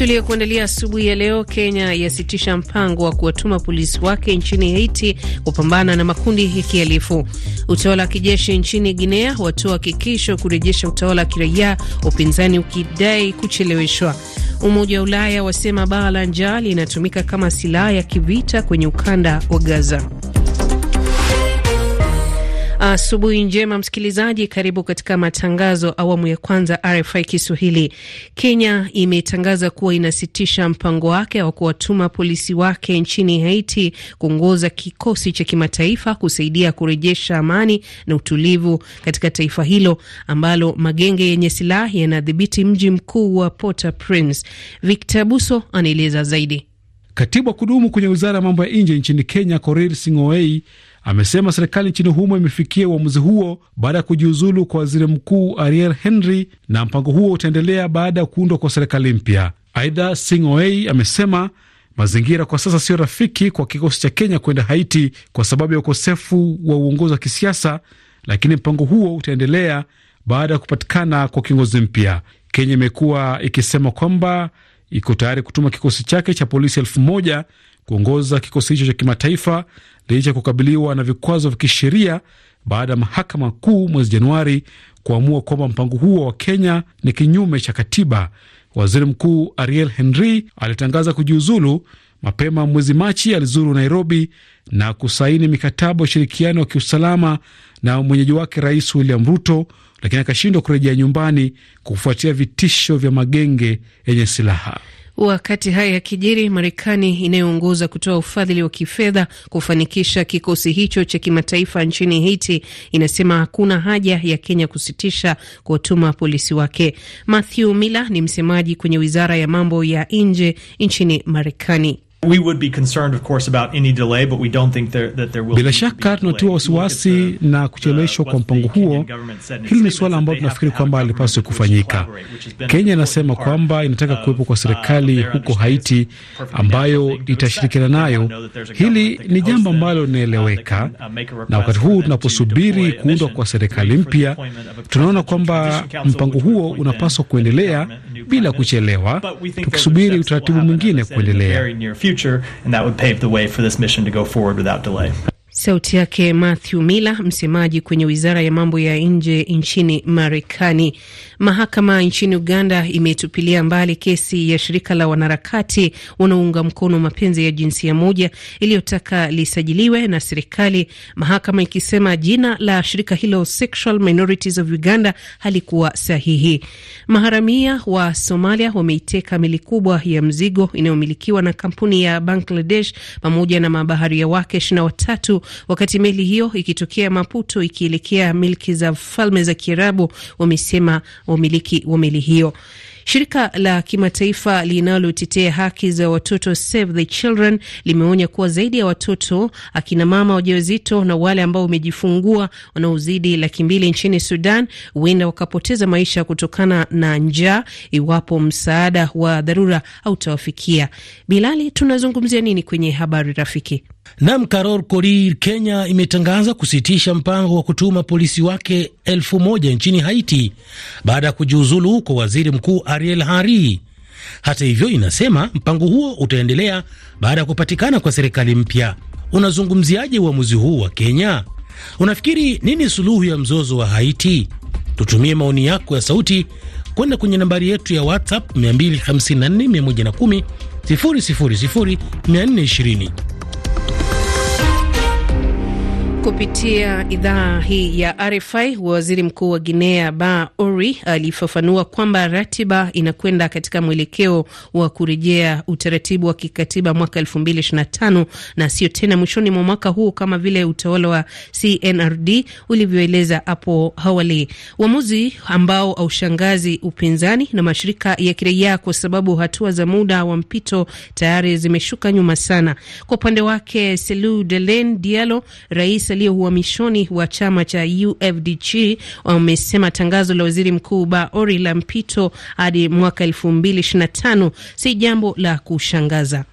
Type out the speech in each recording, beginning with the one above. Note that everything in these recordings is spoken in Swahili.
tuliyokuandalia asubuhi ya leo. Kenya yasitisha mpango wa kuwatuma polisi wake nchini Haiti kupambana na makundi ya kihalifu. Utawala wa kijeshi nchini Guinea watoa hakikisho kurejesha utawala wa kiraia, upinzani ukidai kucheleweshwa. Umoja wa Ulaya wasema baa la njaa linatumika kama silaha ya kivita kwenye ukanda wa Gaza. Asubuhi njema msikilizaji, karibu katika matangazo awamu ya kwanza RFI Kiswahili. Kenya imetangaza kuwa inasitisha mpango wake wa kuwatuma polisi wake nchini Haiti kuongoza kikosi cha kimataifa kusaidia kurejesha amani na utulivu katika taifa hilo ambalo magenge yenye silaha yanadhibiti mji mkuu wa Port-au-Prince. Victor Buso anaeleza zaidi. Katibu wa kudumu kwenye wizara ya mambo ya nje nchini Kenya, Korir Singoei amesema serikali nchini humo imefikia uamuzi huo baada ya kujiuzulu kwa waziri mkuu Ariel Henry, na mpango huo utaendelea baada ya kuundwa kwa serikali mpya. Aidha, Sing'oei amesema mazingira kwa sasa sio rafiki kwa kikosi cha Kenya kwenda Haiti kwa sababu ya ukosefu wa uongozi wa kisiasa, lakini mpango huo utaendelea baada ya kupatikana kwa kiongozi mpya. Kenya imekuwa ikisema kwamba iko tayari kutuma kikosi chake cha polisi elfu moja kuongoza kikosi hicho cha kimataifa licha ya kukabiliwa na vikwazo vya kisheria baada ya mahakama kuu mwezi Januari kuamua kwamba mpango huo wa Kenya ni kinyume cha katiba. Waziri Mkuu Ariel Henry alitangaza kujiuzulu mapema mwezi Machi. Alizuru Nairobi na kusaini mikataba ya ushirikiano wa kiusalama na mwenyeji wake Rais William Ruto, lakini akashindwa kurejea nyumbani kufuatia vitisho vya magenge yenye silaha. Wakati haya yakijiri, Marekani inayoongoza kutoa ufadhili wa kifedha kufanikisha kikosi hicho cha kimataifa nchini Haiti inasema hakuna haja ya Kenya kusitisha kuwatuma polisi wake. Matthew Miller ni msemaji kwenye wizara ya mambo ya nje nchini Marekani. Bila shaka tunatiwa wasiwasi na kucheleweshwa kwa mpango huo. Hili ni suala ambalo tunafikiri kwamba alipaswa kufanyika. Kenya inasema kwamba inataka kuwepo kwa uh, serikali huko Haiti ambayo itashirikiana nayo. Hili ni jambo ambalo uh, uh, linaeleweka, na wakati huu tunaposubiri kuundwa kwa serikali mpya, tunaona kwamba mpango huo unapaswa kuendelea bila kuchelewa, tukisubiri utaratibu mwingine kuendelea. Sauti yake Matthew Miller, msemaji kwenye wizara ya mambo ya nje nchini Marekani. Mahakama nchini Uganda imetupilia mbali kesi ya shirika la wanaharakati wanaounga mkono mapenzi ya jinsia moja iliyotaka lisajiliwe na serikali, mahakama ikisema jina la shirika hilo Sexual Minorities of Uganda halikuwa sahihi. Maharamia wa Somalia wameiteka meli kubwa ya mzigo inayomilikiwa na kampuni ya Bangladesh pamoja na mabaharia wake ishirini na watatu wakati meli hiyo ikitokea Maputo ikielekea milki za Falme za Kiarabu, wamesema wamiliki wa meli hiyo. Shirika la kimataifa linalotetea haki za watoto Save the Children limeonya kuwa zaidi ya watoto akina mama wajawazito na wale ambao wamejifungua wanaozidi laki mbili nchini Sudan huenda wakapoteza maisha kutokana na njaa iwapo msaada wa dharura hautawafikia. Bilali, tunazungumzia nini kwenye habari rafiki? Nam Karor Korir, Kenya imetangaza kusitisha mpango wa kutuma polisi wake elfu moja nchini Haiti baada ya kujiuzulu kwa waziri mkuu Ariel hari Hata hivyo, inasema mpango huo utaendelea baada ya kupatikana kwa serikali mpya. Unazungumziaje uamuzi huu wa Kenya? Unafikiri nini suluhu ya mzozo wa Haiti? Tutumie maoni yako ya sauti kwenda kwenye nambari yetu ya WhatsApp 254 110 000 420. Kupitia idhaa hii ya RFI, waziri mkuu wa Guinea Ba Ori alifafanua kwamba ratiba inakwenda katika mwelekeo wa kurejea utaratibu wa kikatiba mwaka 2025 na sio tena mwishoni mwa mwaka huu kama vile utawala wa CNRD ulivyoeleza hapo awali, uamuzi ambao haushangazi upinzani na mashirika ya kiraia kwa sababu hatua za muda wa mpito tayari zimeshuka nyuma sana. Kwa upande wake Selu Delen Dialo, rais aliyesalia uhamishoni wa chama cha UFDG wamesema tangazo la waziri mkuu baori la mpito hadi mwaka 2025 si jambo la kushangaza.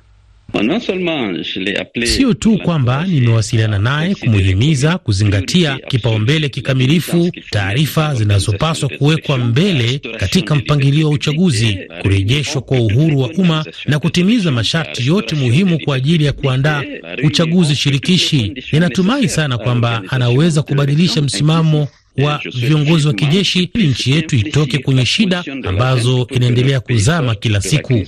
Sio tu kwamba nimewasiliana naye kumuhimiza kuzingatia kipaumbele kikamilifu taarifa zinazopaswa kuwekwa mbele katika mpangilio wa uchaguzi, kurejeshwa kwa uhuru wa umma na kutimiza masharti yote muhimu kwa ajili ya kuandaa uchaguzi shirikishi. Ninatumai sana kwamba anaweza kubadilisha msimamo wa viongozi wa kijeshi ili nchi yetu itoke kwenye shida ambazo inaendelea kuzama kila siku.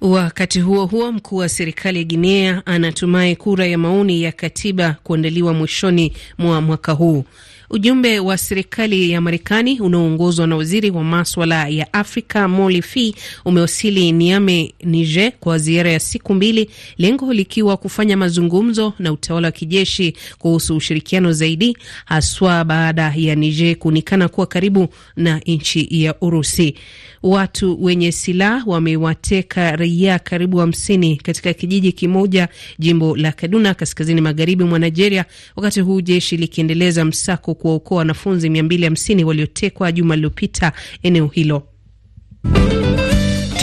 Wakati huo huo, mkuu wa serikali ya Guinea anatumai kura ya maoni ya katiba kuandaliwa mwishoni mwa mwaka huu. Ujumbe wa serikali ya Marekani unaoongozwa na waziri wa maswala ya Afrika Moli Fee umewasili Niame, Niger, kwa ziara ya siku mbili, lengo likiwa kufanya mazungumzo na utawala wa kijeshi kuhusu ushirikiano zaidi, haswa baada ya Niger kuonekana kuwa karibu na nchi ya Urusi. Watu wenye silaha wamewateka raia karibu hamsini katika kijiji kimoja jimbo la Kaduna, kaskazini magharibi mwa Nigeria, wakati huu jeshi likiendeleza msako kuwaokoa wanafunzi 250 waliotekwa juma lililopita eneo hilo.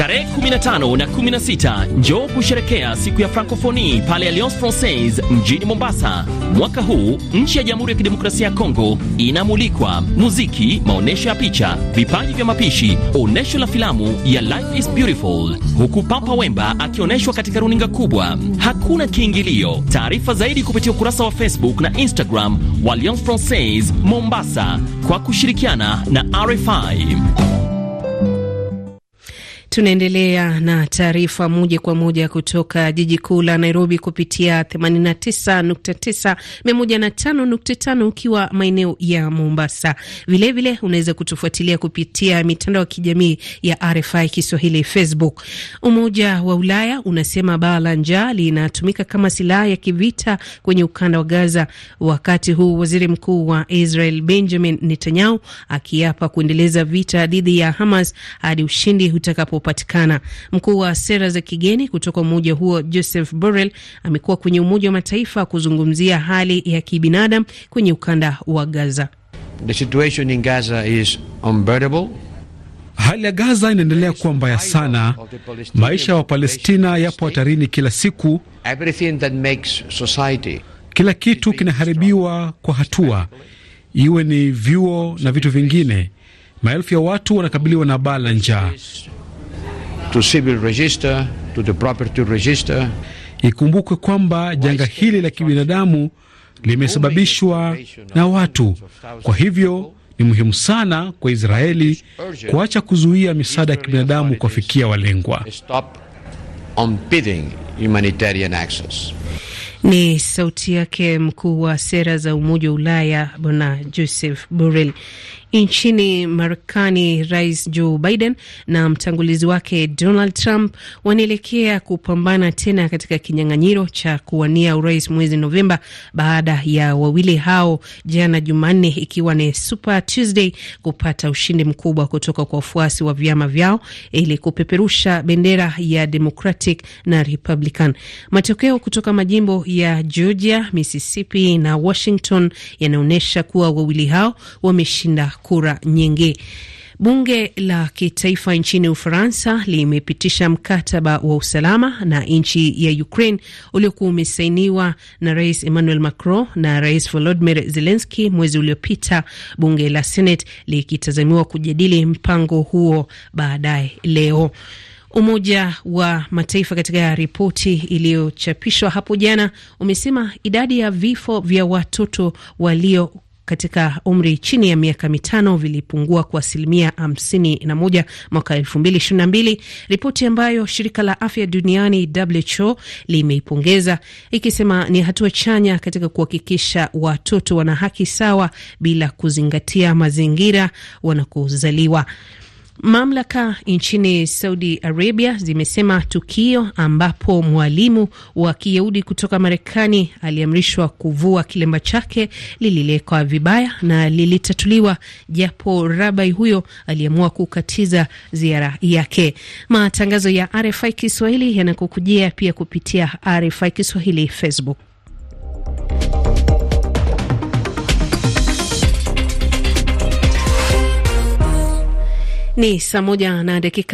Tarehe 15 na 16 njoo kusherekea siku ya Francophonie pale Alliance Francaise mjini Mombasa. Mwaka huu nchi ya Jamhuri ya Kidemokrasia ya Kongo inamulikwa: muziki, maonyesho ya picha, vipaji vya mapishi, onyesho la filamu ya Life is Beautiful, huku Papa Wemba akionyeshwa katika runinga kubwa. Hakuna kiingilio. Taarifa zaidi kupitia ukurasa wa Facebook na Instagram wa Alliance Francaise Mombasa, kwa kushirikiana na RFI. Tunaendelea na taarifa moja kwa moja kutoka jiji kuu la Nairobi kupitia 89.9, 105.5 ukiwa maeneo ya Mombasa. Vilevile unaweza kutufuatilia kupitia mitandao ya kijamii ya RFI Kiswahili, Facebook. Umoja wa Ulaya unasema baa la njaa linatumika kama silaha ya kivita kwenye ukanda wa Gaza, wakati huu waziri mkuu wa Israel Benjamin Netanyahu akiapa kuendeleza vita dhidi ya Hamas hadi ushindi utakapo kupatikana. Mkuu wa sera za kigeni kutoka umoja huo Joseph Borrell amekuwa kwenye Umoja wa Mataifa kuzungumzia hali ya kibinadamu kwenye ukanda wa Gaza. The situation in Gaza is unbearable. Hali ya Gaza inaendelea kuwa mbaya sana. Maisha ya Wapalestina yapo hatarini kila siku. Kila kitu kinaharibiwa kwa hatua, iwe ni vyuo na vitu vingine. Maelfu ya watu wanakabiliwa na baa la njaa to civil register, to the property register. Ikumbukwe kwamba janga hili la kibinadamu limesababishwa na watu, kwa hivyo ni muhimu sana kwa Israeli kuacha kuzuia misaada ya kibinadamu kuwafikia walengwa. Ni sauti yake mkuu wa sera za Umoja wa Ulaya Bwana Joseph Borrell. Nchini Marekani, Rais Joe Biden na mtangulizi wake Donald Trump wanaelekea kupambana tena katika kinyang'anyiro cha kuwania urais mwezi Novemba, baada ya wawili hao jana Jumanne, ikiwa ni Super Tuesday, kupata ushindi mkubwa kutoka kwa wafuasi wa vyama vyao ili kupeperusha bendera ya Democratic na Republican. Matokeo kutoka majimbo ya Georgia, Mississippi na Washington yanaonyesha kuwa wawili hao wameshinda kura nyingi. Bunge la kitaifa nchini Ufaransa limepitisha mkataba wa usalama na nchi ya Ukraine uliokuwa umesainiwa na Rais Emmanuel Macron na Rais volodimir zelenski mwezi uliopita, bunge la Senate likitazamiwa kujadili mpango huo baadaye leo. Umoja wa Mataifa katika ripoti iliyochapishwa hapo jana umesema idadi ya vifo vya watoto walio katika umri chini ya miaka mitano vilipungua kwa asilimia 51 mwaka 2022, ripoti ambayo shirika la afya duniani WHO limeipongeza ikisema ni hatua chanya katika kuhakikisha watoto wana haki sawa bila kuzingatia mazingira wanakozaliwa Mamlaka nchini Saudi Arabia zimesema tukio ambapo mwalimu wa Kiyahudi kutoka Marekani aliamrishwa kuvua kilemba chake lililekwa vibaya na lilitatuliwa, japo rabai huyo aliamua kukatiza ziara yake. Matangazo ya RFI Kiswahili yanakukujia pia kupitia RFI Kiswahili Facebook. Ni saa moja na dakika